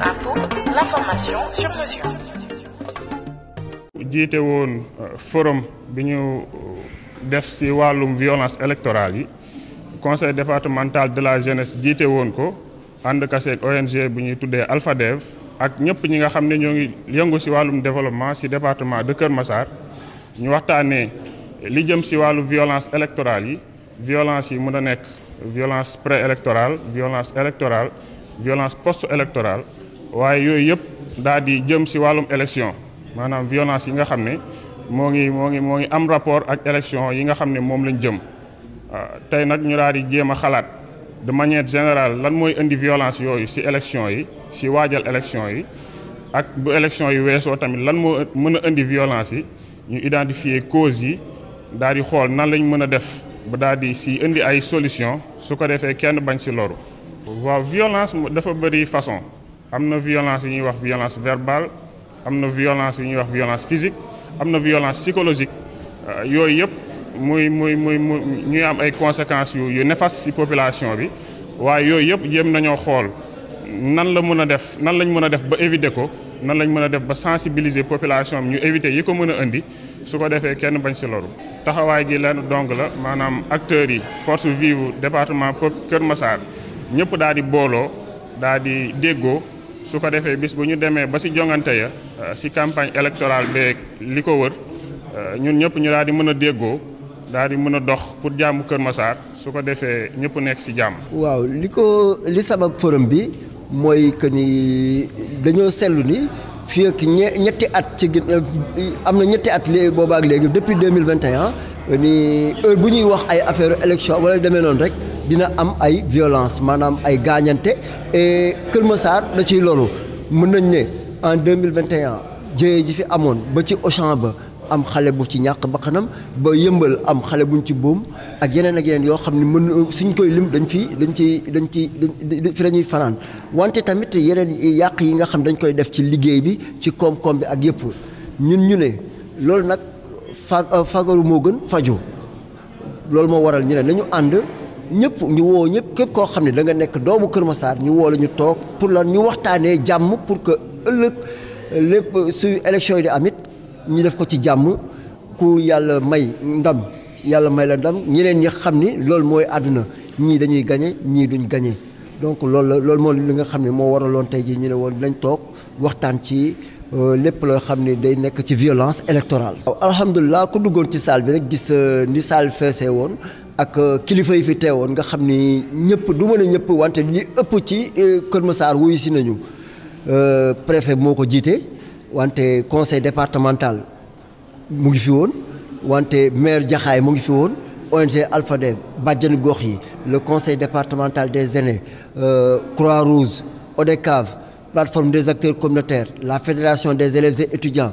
Info, l'information sur mesure. Euh, forum euh, violence électorale le conseil départemental de la jeunesse ONG Alphadev ak développement département de Kermassar, nous avons violence électorale violence violence pré-électorale violence électorale violence post waaye yooyu yëpp daal di jëm si wàllum élection maanaam violence yi nga xam ne moo ngi moo ngi moo ngi am rapport ak élection yi nga xam ne moom lañ jëm ah, tey nag ñu daal di jéem a xalaat de manière générale lan mooy indi violence yooyu si élection yi si waajal élection yi ak bu élection yi weesoo tamit lan moo mën a indi violence yi ñu identifier cause yi daal di xool nan lañ mën a def ba daal di si indi ay solution su ko defee kenn bañ si loru waaw violence dafa bëri façon am na violence yu ñuy wax violence verbale am na violence yu ñuy wax violence physique am na violence psychologique euh, yooyu yëpp muy muy muy mu ñu am ay conséquences yu nefas néfaste ci population bi waaye yooyu yëpp jéem nañoo xool nan la mën a def nan lañ mën a def ba éviter ko nan lañ mën a def ba sensibiliser population bi ñu éviter yi ko mën a indi su ko defee kenn bañ si loru taxawaay gi lenn dong la maanaam acteurs yi force vive département Kër Massar ñëpp daal di booloo daal di déggoo su ko defee bis bu ñu demee ba si jongante ya si euh, campagne électorale beeg li ko wër euh, ñun ñëpp ñu daal di mën a déggoo daal di mën a dox pour jàmm kër Massar su ko defee ñëpp nekk si jàmm. waaw li ko li sabab forum bi mooy que ni dañoo sellu ni fii ak ñetti at ci euh, am na ñetti at léegi boobaag léegi depuis 2021 ni heure bu ñuy wax ay affaire élection wala demee noonu rek dina am ay violence maanaam ay gaañante et Kër Massar da ciy loolu mën nañ ne en 2021 jëye ji fi amoon ba ci Auchan ba am xale bu ci ñàkk bakkanam ba yëmbal am xale buñ ci boom ak yeneen ak yeneen yoo xam ne mën suñ koy lim dañ fi dañ ci dañ ci fi la fanaan wante tamit yeneen yàq yi nga xam dañ koy def ci liggéey bi ci koom-koom bi ak yëpp ñun ñu ne loolu nag fa fagaru moo gën faju loolu moo waral ñu ne nañu ànd ñëpp ñu woo ñëpp képp koo xam ne da nga nekk doomu kër masaar ñu woo la ñu toog pour la ñu waxtaanee jàmm pour que ëllëg euh, lépp su election yi di amit ñu def ko ci jàmm ku yàlla may ndam yàlla may la ndam ñeneen ñi xam ni loolu mooy àdduna ñii dañuy gagné ñii duñ gagné donc loolu loolu moo li nga xam ne moo waraloon tey jii ñu ne woon nañ toog waxtaan ci euh, lépp loo xam day nekk ci violence électorale alhamdulilah ku duggoon ci salle bi rek gis euh, ni salle feesee woon ak euh, kilifa yi fi teewoon nga xamni ñëpp du ne ñëpp wante ñi ëpp ci euh, Kër Massar wuyu euh, préfet moko jité le conseil départemental mu ngi fi woon wante maire Jaxaay mu ngi fi woon ONG Alpha gox yi le conseil départemental des aînés Croix-Rouge la plateforme des acteurs communautaires la fédération des élèves et étudiants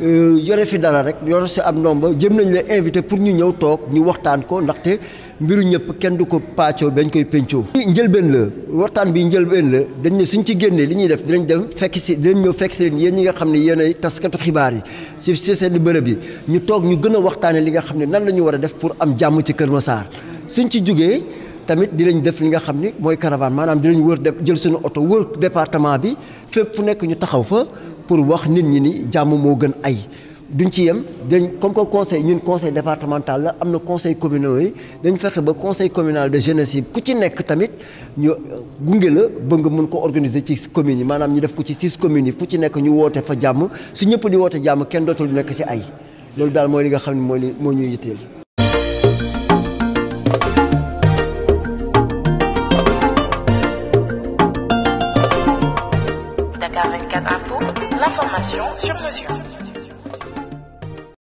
Euh, yore fi dara rek yore si am ndomba jëm nañ la invité pour ñu ñëw toog ñu waxtaan ko ndaxte mbiru ñëpp kenn du ko paccoo bañ koy pencoo. njëlbeen la waxtaan bi njëlbeen la dañ ne suñ ci génnee li ñuy def dinañ dem fekk si dañ ñëw fekk si leen yéen ñi nga xam ne yéen ay taskatu xibaar yi si si seen bërëb yi ñu toog ñu gën a waxtaanee li nga xam ne nan la ñu war a def pour am jàmm ci Kër Massar suñ ci jógee tamit dinañ def li nga xam ni mooy caravane maanaam dinañ lañ wër jël suñu oto wër département bi fépp fu nekk ñu taxaw fa pour wax nit ñi ni jàmm moo gën ay duñ ci yem dañ comme que conseil ñun conseil départemental la am na conseil communal yi dañ fexe ba conseil communal de jeunesse yi ku ci nekk tamit ñu euh, gunge la ba nga ko organiser ci communes yi maanaam ñu def ko ci six commune yi ku ci nekk ñu woote fa jàmm su ñëpp di woote jàmm kenn dootul nekk ci ay loolu daal mooy li nga xam ne mooy moo ñuy yitteel 24 infos, l'information sur mesure.